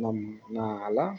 namnaala